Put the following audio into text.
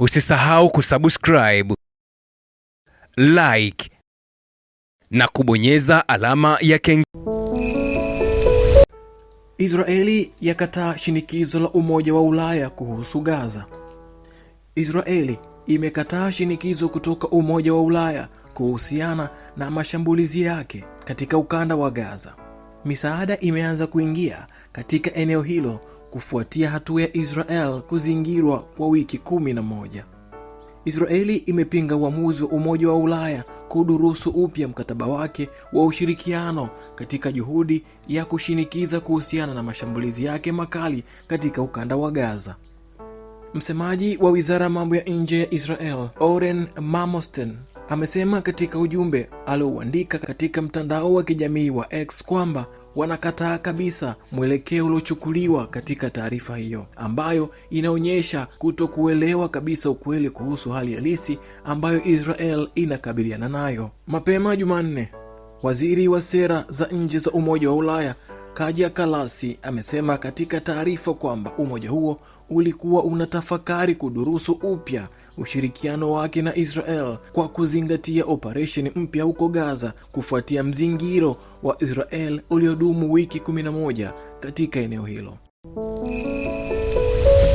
Usisahau kusubscribe, like na kubonyeza alama ya kengele. Israeli yakataa shinikizo la Umoja wa Ulaya kuhusu Gaza. Israeli imekataa shinikizo kutoka Umoja wa Ulaya kuhusiana na mashambulizi yake katika ukanda wa Gaza. Misaada imeanza kuingia katika eneo hilo kufuatia hatua ya Israel kuzingirwa kwa wiki kumi na moja. Israeli imepinga uamuzi wa Umoja wa Ulaya kudurusu upya mkataba wake wa ushirikiano katika juhudi ya kushinikiza kuhusiana na mashambulizi yake makali katika ukanda wa Gaza. Msemaji wa Wizara ya Mambo ya Nje ya Israel, Oren Mamosten, amesema katika ujumbe aliouandika katika mtandao wa kijamii wa X kwamba wanakataa kabisa mwelekeo uliochukuliwa katika taarifa hiyo ambayo inaonyesha kutokuelewa kabisa ukweli kuhusu hali halisi ambayo Israel inakabiliana nayo. Mapema Jumanne, waziri wa sera za nje za Umoja wa Ulaya Kaja Kalasi amesema katika taarifa kwamba umoja huo ulikuwa unatafakari kudurusu upya ushirikiano wake na Israel kwa kuzingatia operesheni mpya huko Gaza kufuatia mzingiro wa Israel uliodumu wiki 11 katika eneo hilo.